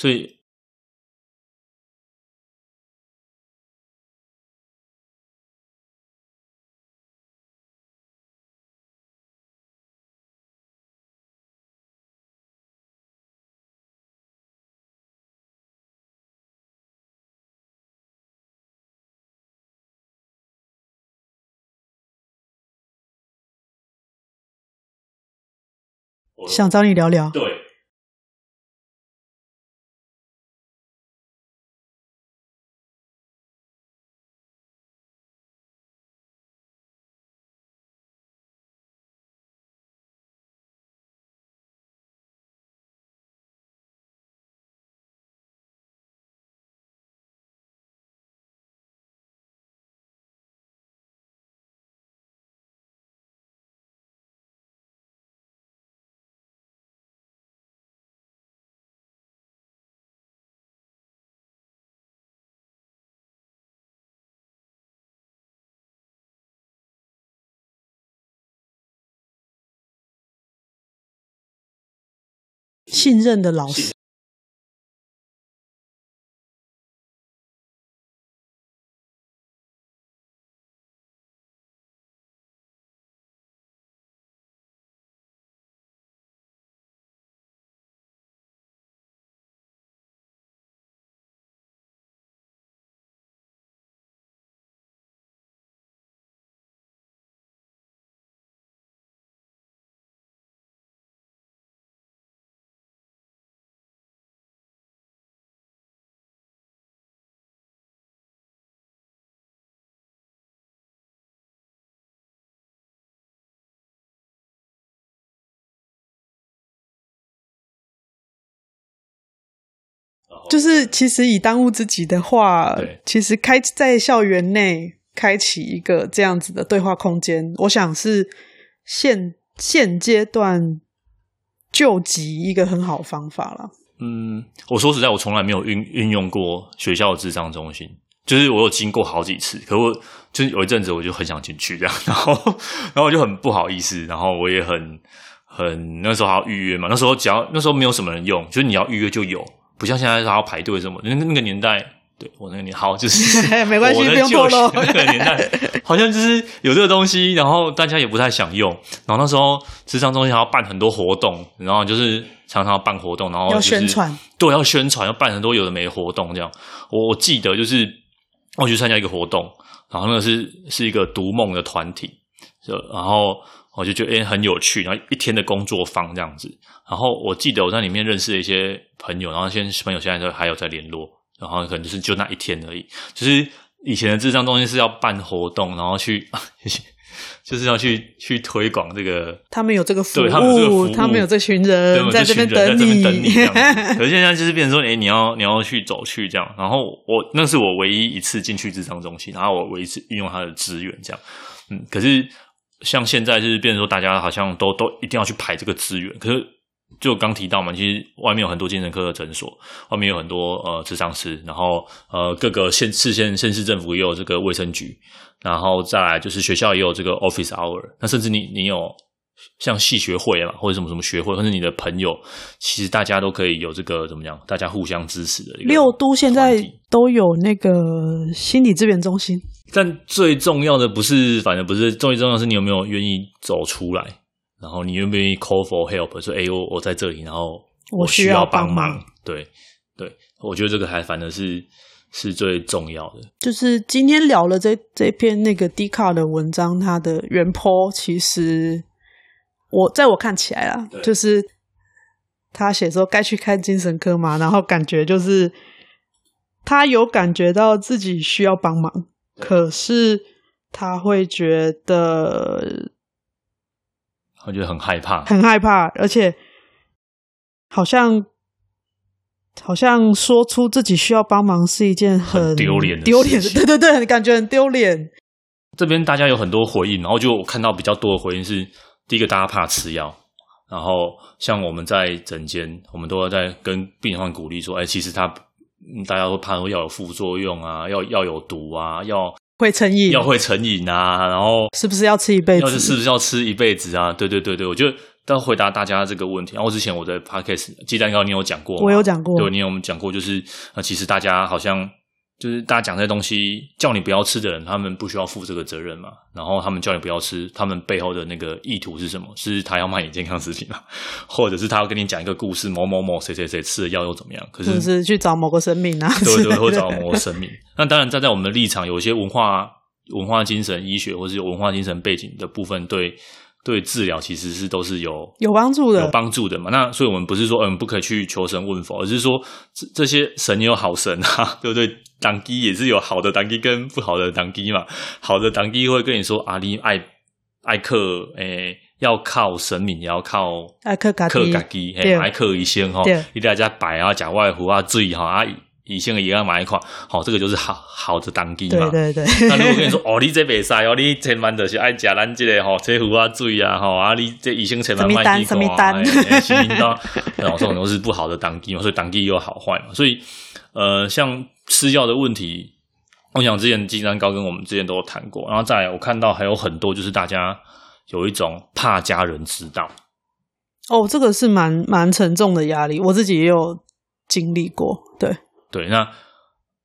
所以，想找你聊聊。對。信任的老師。就是其實以當務之急的話，對其實開在校園內開啟一個這樣子的對話空間，我想是現現階段救急一個很好方法了。嗯，我說實在，我從來沒有運運用過學校的諮商中心，就是我有經過好幾次，可我就是有一陣子我就很想進去這樣，然後然後我就很不好意思，然後我也很很那時候還要預約嘛，那時候只要那時候沒有什麼人用，就是你要預約就有。不像現在說還要排隊什麼，那,那個年代，對，我那個年好就是，沒關係不用透露。那個年代 係好像就是有這個東西， 然後大家也不太想用。然後那時候，諮商中心還要辦很多活動，然後就是常常要辦活動，然後、就是、要宣傳，對，要宣傳，要辦很多有的沒活動這樣。我,我記得就是我去參加一個活動，然後那是是一個讀夢的團體的，然後。我就覺得哎、欸，很有趣，然後一天的工作坊這樣子。然後我記得我在裡面認識了一些朋友，然後現朋友現在都還有在聯絡。然後可能就是就那一天而已。就是以前的諮商中心是要辦活動，然後去 就是要去去推廣這個，他這個，他們有這個服務，他們有這群人在這邊等你。可是現在就是變成說，哎、欸，你要你要去走去這樣。然後我那是我唯一一次進去諮商中心，然後我唯一一次運用他的資源這樣。嗯，可是。像現在就是變成說，大家好像都都一定要去排這個資源。可是，就剛提到嘛，其實外面有很多精神科的診所，外面有很多呃諮商師，然後呃各個縣市縣縣市政府也有這個衛生局，然後再來就是學校也有這個 office hour。那甚至你你有。像系學會啦，或者什麼什麼學會，或者你的朋友，其實大家都可以有這個怎麼講？大家互相支持的一個。六都現在都有那個心理支援中心，但最重要的不是，反正不是，最重要重要是你有沒有願意走出來，然後你願不願意 call for help？說哎、欸，我我在這裡，然後我需要幫忙。忙，對對，我覺得這個還反正是是最重要的。就是今天聊了這這篇那個 D 卡的文章，它的原 PO 其實。我在我看起來啦，對就是他寫說該去看精神科嘛，然後感覺就是他有感覺到自己需要幫忙，對可是他會覺得，我覺得很害怕，很害怕，而且好像好像說出自己需要幫忙是一件很丟臉的，丟臉，對對對，感覺很丟臉。這邊大家有很多回應，然後就我看到比較多的回應是。第一個，大家怕吃藥，然後像我們在診間，我們都要在跟病患鼓勵說，哎、欸，其實他，大家會怕說藥有副作用啊，要要有毒啊，要會成癮，要會成癮啊，然後是不是要吃一輩子？是不是要吃一輩子啊？對對對對，我就得要回答大家這個問題。然後之前我在 podcast 雞蛋糕你講講，你有講過，我有講過，對你有沒有講過，就是其實大家好像。就是大家講這些東西，叫你不要吃的人，他們不需要負這個責任嘛。然後他們叫你不要吃，他們背後的那個意圖是什麼？是他要賣你健康食品嘛，或者是他要跟你講一個故事，某某某，某誰誰誰吃的藥又怎麼樣？可是，是，不是去找某個神明啊，對，對對，會找某個神明。的那當然站在我們的立場，有些文化、文化精神醫學，或是有文化精神背景的部分，對。對治療其實是都是有有幫助的，有幫助的嘛。那所以我們不是說，嗯，不可以去求神問佛，而是說這這些神有好神啊，對不對？童乩也是有好的童乩跟不好的童乩嘛。好的童乩會跟你說，啊你愛愛客哎、欸，要靠神明，也要靠愛靠，家己，還要靠醫生哈，給大家擺啊，假外乎啊，注意哈，阿、啊、姨。以前個也要買一款，好、哦，這個就是好好的當地嘛。那對對對 如果跟你說，哦，你這袂使、這個啊、哦，你千萬就是愛食咱這個吼，車湖啊、水啊說，吼啊麼，你這宜興茶嘛賣一款，哎， 是領導，然後這種都是不好的當地嘛，所以當地有好壞嘛。所以呃，像吃藥的問題，我想之前雞蛋糕跟我們之前都有談過。然後再來，我看到還有很多就是大家有一種怕家人知道。哦，這個是蠻蠻沉重的壓力，我自己也有經歷過，對。對，那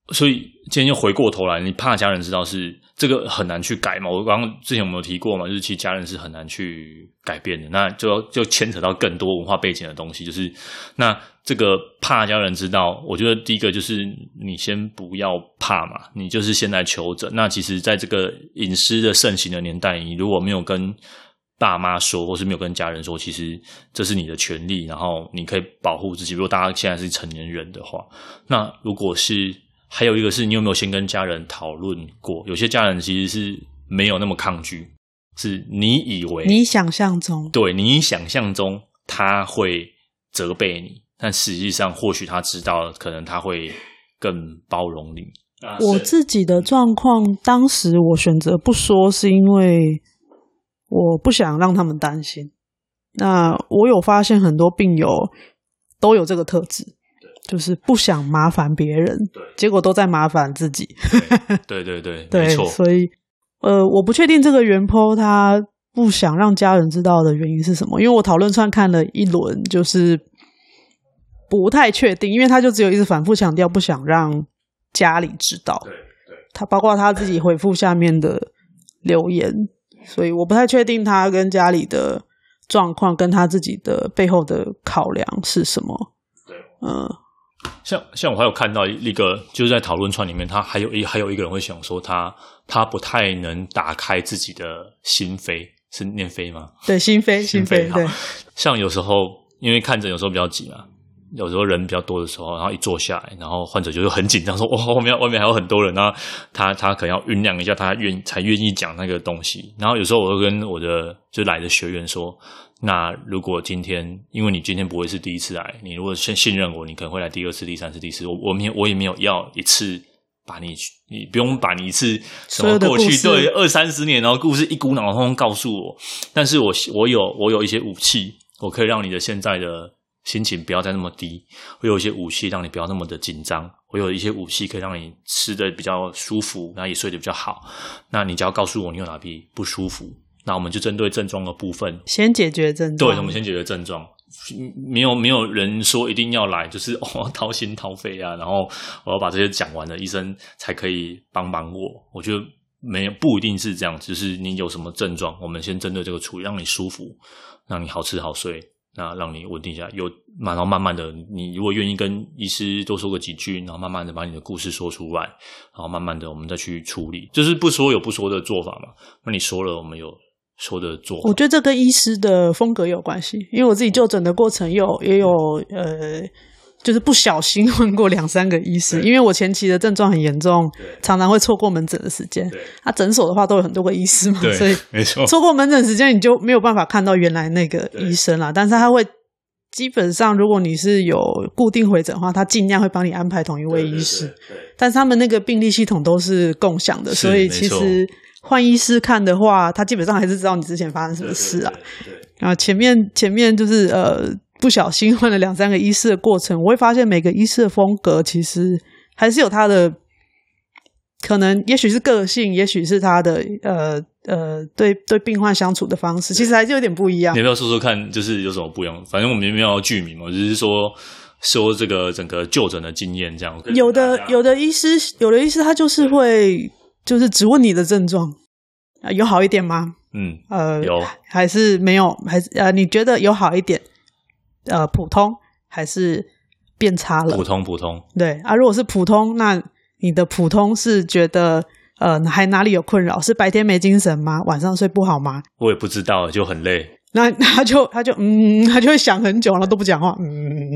所以今天就回過頭來，你怕家人知道是這個很難去改嘛？我剛剛之前有沒有提過嘛？就是其實家人是很難去改變的，那就要就牽扯到更多文化背景的東西。就是那這個怕家人知道，我覺得第一個就是你先不要怕嘛，你就是先來求診。那其實在這個隱私的盛行的年代，你如果沒有跟爸媽說，或是沒有跟家人說，其實這是你的權利，然後你可以保護自己。如果大家現在是成年人的話，那如果是還有一個是，你有沒有先跟家人討論過？有些家人其實是沒有那麼抗拒，是你以為、你想象中，對你想象中他會責備你，但實際上或許他知道，可能他會更包容你。我自己的狀況，當時我選擇不說，是因為。我不想讓他們擔心。那我有發現很多病友都有這個特質，對就是不想麻煩別人，對結果都在麻煩自己。 對，對對對，對沒錯。所以，呃，我不確定這個元 p 他不想讓家人知道的原因是什麼，因為我討論串看了一輪，就是不太確定，因為他就只有一直反覆強調不想讓家裡知道。對對，對他包括他自己回復下面的留言。所以我不太確定他跟家裡的狀況，跟他自己的背後的考量是什麼？對，嗯，像像我還有看到一個，就是在討論串裡面，他還有一還有一個人會想說他他不太能打開自己的心扉，是念扉嗎？對，心扉心扉，心扉好對，像有時候因為看診有時候比較急嘛、啊。有時候人比較多的時候，然後一坐下來，然後患者就是很緊張，說：“哇，外面外面還有很多人啊！”然後他他可能要醞釀一下，他願才願意講那個東西。然後有時候我會跟我的就來的學員說：“那如果今天，因為你今天不會是第一次來，你如果先信任我，你可能會來第二次、第三次、第四次……我我我也沒有要一次把你去，你不用把你一次什麼過去，對，二三十年然後故事一股腦通通告訴我。但是我我有我有一些武器，我可以讓你的現在的。”心情不要再那麼低，會有一些武器讓你不要那麼的緊張，會有一些武器可以讓你吃得比較舒服，然後也睡得比較好。那你只要告訴我你有哪裡不舒服，那我們就針對症狀的部分先解決症狀。對，我們先解決症狀。沒有沒有人說一定要來就是、哦、掏心掏肺啊，然後我要把這些講完了，醫生才可以幫幫我。我覺得沒有不一定是這樣，只、就是你有什麼症狀，我們先針對這個處理，讓你舒服，讓你好吃好睡。那讓你穩定下來，有，然後慢慢的，你如果願意跟醫師多說個幾句，然後慢慢的把你的故事說出來，然後慢慢的我們再去處理，就是不說有不說的做法嘛。那你說了，我們有說的做法。我覺得這跟醫師的風格有關係，因為我自己就診的過程有也有呃。就是不小心換過兩三個醫師，對因為我前期的症狀很嚴重，對常常會錯過門診的時間。他診對、啊、所的話都有很多個醫師嘛，對所以錯錯過門診時間，你就沒有辦法看到原來那個醫生啦。對但是他會基本上，如果你是有固定回診的話，他盡量會幫你安排同一位醫師。對對對，但是他們那個病歷系統都是共享的，是所以其實換醫師看的話，他基本上還是知道你之前發生什麼事啦。對對對對，然後前面前面就是呃。不小心問了兩三個醫師的過程，我會發現每個醫師的風格其實還是有他的可能，也許是個性，也許是他的呃呃對對病患相處的方式，其實還是有點不一樣。你要不要說說看，就是有什麼不一樣？反正我們也沒有要具名嘛，只，就是說說這個整個就診的經驗這樣。有的有的醫師，有的醫師他就是會對就是只問你的症狀啊、呃，有好一點嗎？嗯，呃，有還是沒有？還是呃，你覺得有好一點？呃，普通還是變差了？普通，普通，普通。對啊，如果是普通，那你的普通是覺得呃，還哪裡有困擾？是白天沒精神嗎？晚上睡不好嗎？我也不知道，就很累。那他就他就嗯，他就會想很久，然後都不講話嗯。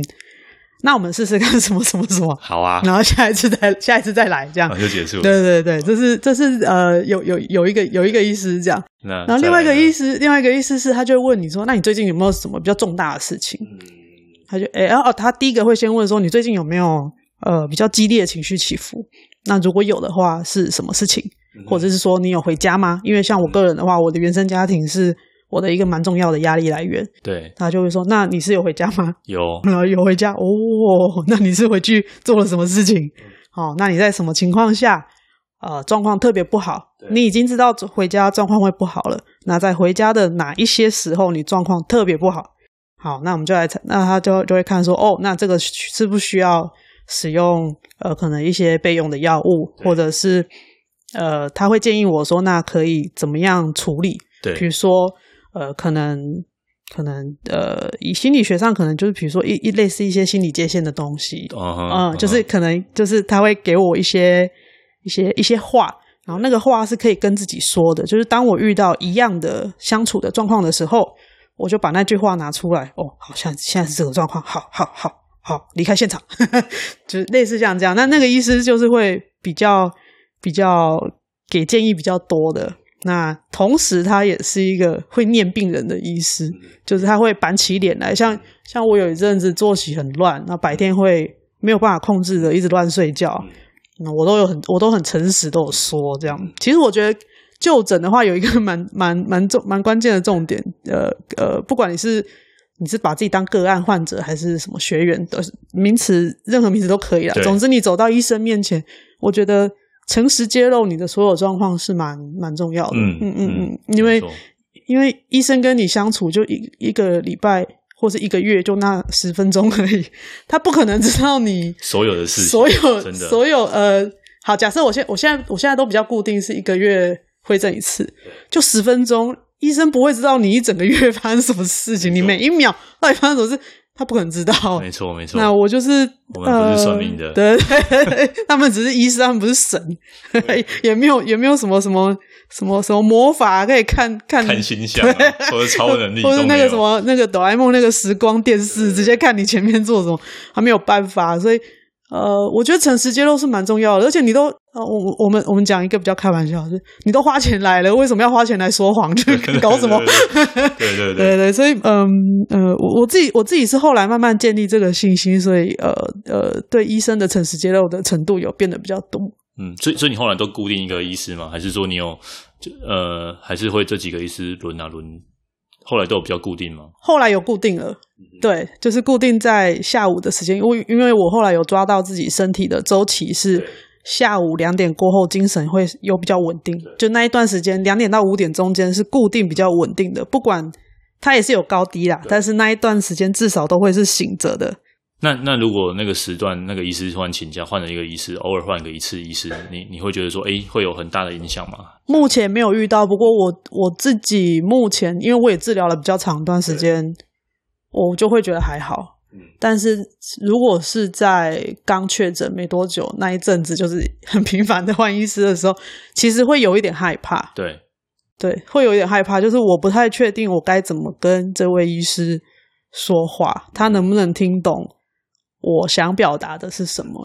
那我們試試看什麼什麼什麼好啊，然後下一次再下一次再來這樣、哦、就結束了對對對，這是這是呃有有有一個有一個意思是這樣，那然後另外一個意思另外一個意思是，他就問你說，那你最近有沒有什麼比較重大的事情？嗯、他就誒哦、欸、他第一個會先問說，你最近有沒有呃比較激烈的情緒起伏？那如果有的話，是什麼事情？或者是說你有回家嗎？因為像我個人的話，嗯、我的原生家庭是，我的一個蠻重要的壓力來源，對，他就會說：“那你是有回家嗎？”有，然後有回家哦，那你是回去做了什麼事情？好、嗯哦，那你在什麼情況下，呃，狀況特別不好？對你已經知道回家狀況會不好了。那在回家的哪一些時候，你狀況特別不好？好，那我們就來，那他就就會看說：“哦，那這個是不需要使用呃，可能一些備用的藥物，對或者是呃，他會建議我說，那可以怎麼樣處理？對，比如說。”呃，可能，可能，呃，以心理學上可能就是，比如說一一類似一些心理界限的東西，嗯，就是可能就是他會給我一些一些一些話，然後那個話是可以跟自己說的，就是當我遇到一樣的相處的狀況的時候，我就把那句話拿出來，哦，好像現,現在是這個狀況，好，好，好，好，好，離開現場， 就是類似像這樣，那那個意思就是會比較比較給建議比較多的。那同時，他也是一個會念病人的醫師，就是他會板起臉來，像像我有一陣子作息很亂，那白天會沒有辦法控制的一直亂睡覺，那我都有很我都很誠實都有說這樣。其實我覺得就診的話，有一個蠻蠻蠻重蠻關鍵的重點，呃呃，不管你是你是把自己當個案患者還是什麼學員的名詞，任何名詞都可以了。對總之，你走到醫生面前，我覺得。誠實揭露你的所有狀況是蠻蠻重要的，嗯嗯嗯嗯，因為沒錯。因為醫生跟你相處就一一個禮拜或是一個月就那十分鐘而已，他不可能知道你所有，所有的事所有真的。所有呃，好，假設我現我現在我現在都比較固定是一個月回診一次，就十分鐘，醫生不會知道你一整個月發生什麼事情，沒錯。你每一秒到底發生什麼事。他不可能知道，沒錯沒錯。那我就是我們不是算命的，呃、對，對，對，他們只是醫生， 他們不是神，對也沒有也沒有什麼什麼什麼什麼魔法可以看看看星象或、啊、者對超能力，或者那個什麼那個哆啦 A 夢那個時光電視，對對對直接看你前面做什麼，還沒有辦法。所以，呃，我覺得誠實揭露是蠻重要的，而且你都。啊、我我們我們講一個比較開玩笑，就是你都花錢來了，為什麼要花錢來說謊去 搞什麼？ 對對對對， 對，對，對，對，所以嗯、呃，我我自己我自己是後來慢慢建立這個信心，所以呃、呃，對醫生的誠實揭露的程度有變得比較多。嗯，所以所以你後來都固定一個醫師嗎？還是說你有就呃還是會這幾個醫師輪啊輪？後來都有比較固定嗎？後來有固定了，嗯、對，就是固定在下午的時間，因為因為我後來有抓到自己身體的周期是。下午兩點過後，精神會有比較穩定。就那一段時間，兩點到五點中間是固定比較穩定的。不管它也是有高低啦，對但是那一段時間至少都會是醒着的。那那如果那個時段那個醫師突然請假，換了一個醫師，偶爾換個一次醫師，你你會覺得說，哎、欸，會有很大的影響嗎、嗯？目前沒有遇到，不過我我自己目前，因為我也治療了比較長一段時間，對我就會覺得還好。但是如果是在剛確診沒多久那一陣子，就是很頻繁的換醫師的時候，其實會有一點害怕。對，對，會有一點害怕，就是我不太確定我該怎麼跟這位醫師說話，他能不能聽懂我想表達的是什麼？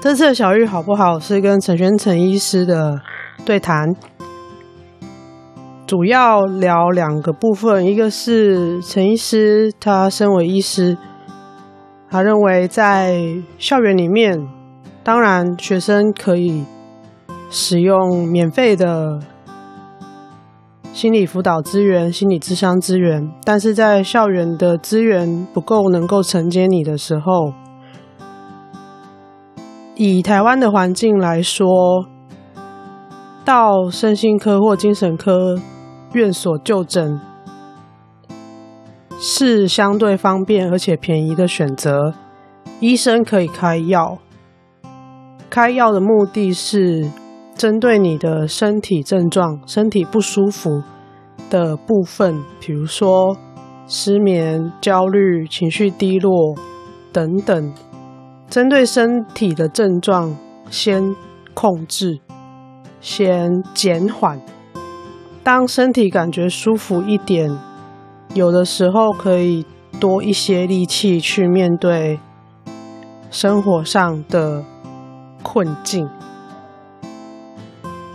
這次的小鬱好不好，是跟陳璿丞醫師的對談。主要聊兩個部分，一個是陳醫師，他身為醫師，他認為在校園裡面，當然學生可以使用免費的心理輔導資源、心理諮商資源，但是在校園的資源不夠能夠承接你的時候，以台灣的環境來說，到身心科或精神科，院所就診是相對方便而且便宜的選擇，醫生可以開藥。開藥的目的是針對你的身體症狀、身體不舒服的部分，比如說失眠、焦慮、情緒低落等等，針對身體的症狀先控制、先減緩。當身體感覺舒服一點，有的時候可以多一些力氣去面對生活上的困境。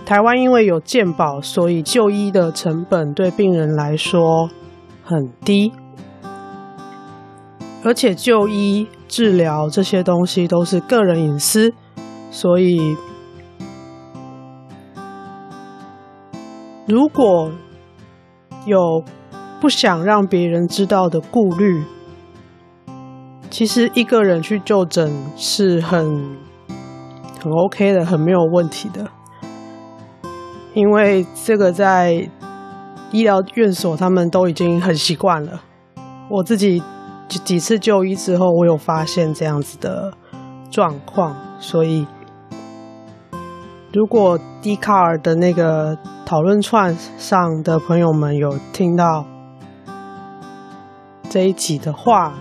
台灣因為有健保，所以就醫的成本對病人來說很低。而且就醫、治療這些東西都是個人隱私，所以。如果有不想讓別人知道的顧慮，其實一個人去就診是很很 OK 的，很沒有問題的。因為這個在醫療院所他們都已經很習慣了。我自己幾幾次就醫之後，我有發現這樣子的狀況，所以。如果 Dcard 的那個討論串上的朋友們有聽到這一集的話，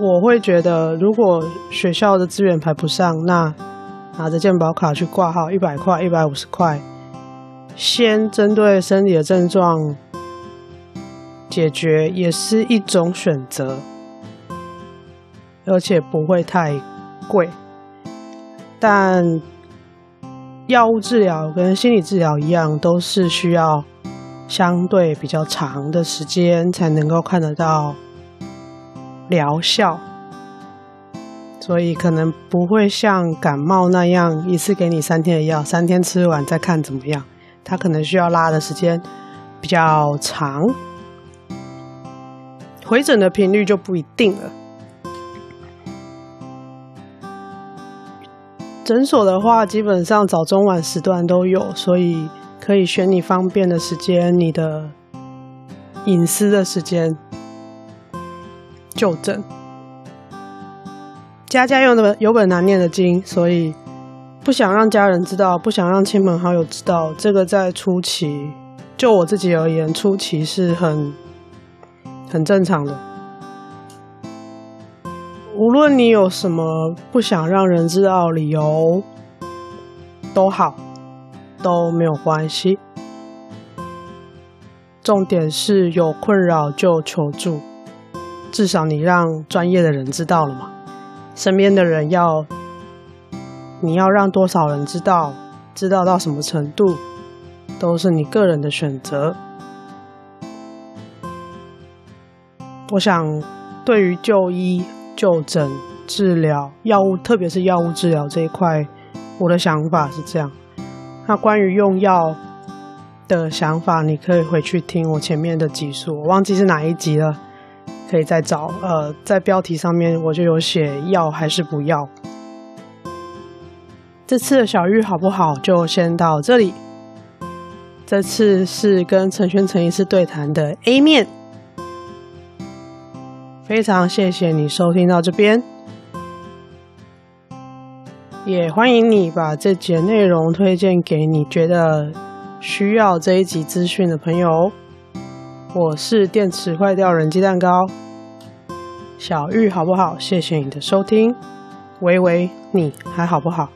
我會覺得，如果學校的資源排不上，那拿着健保卡去掛號，一百塊、一百五十塊，先針對身體的症狀解決，也是一種選擇，而且不會太貴。但藥物治療跟心理治療一樣，都是需要相對比較長的時間才能夠看得到療效，所以可能不會像感冒那樣一次給你三天的藥，三天吃完再看怎麼樣。它可能需要拉的時間比較長，回診的頻率就不一定了。診所的話，基本上早中晚時段都有，所以可以選你方便的時間，你的隱私的時間就診。家家有本有本難念的經，所以不想讓家人知道，不想讓親朋好友知道。這個在初期，就我自己而言，初期是很很正常的。無論你有什麼不想讓人知道的理由，都好，都沒有關係。重點是有困擾就求助，至少你讓專業的人知道了嘛。身邊的人要，你要讓多少人知道，知道到什麼程度，都是你個人的選擇。我想，對於就醫。就診、治療、藥物，特別是藥物治療這一塊，我的想法是這樣。那關於用藥的想法，你可以回去聽我前面的集數，我忘記是哪一集了，可以再找。呃，在標題上面我就有寫“要還是不要”。這次的小鬱好不好，就先到這裡。這次是跟陳璿丞醫師對談的 A 面。非常謝謝你收聽到這邊，也歡迎你把這節內容推薦給你覺得需要這一集資訊的朋友。我是電池壞掉人雞蛋糕《小鬱好不好》。謝謝你的收聽。喂喂，你還好不好？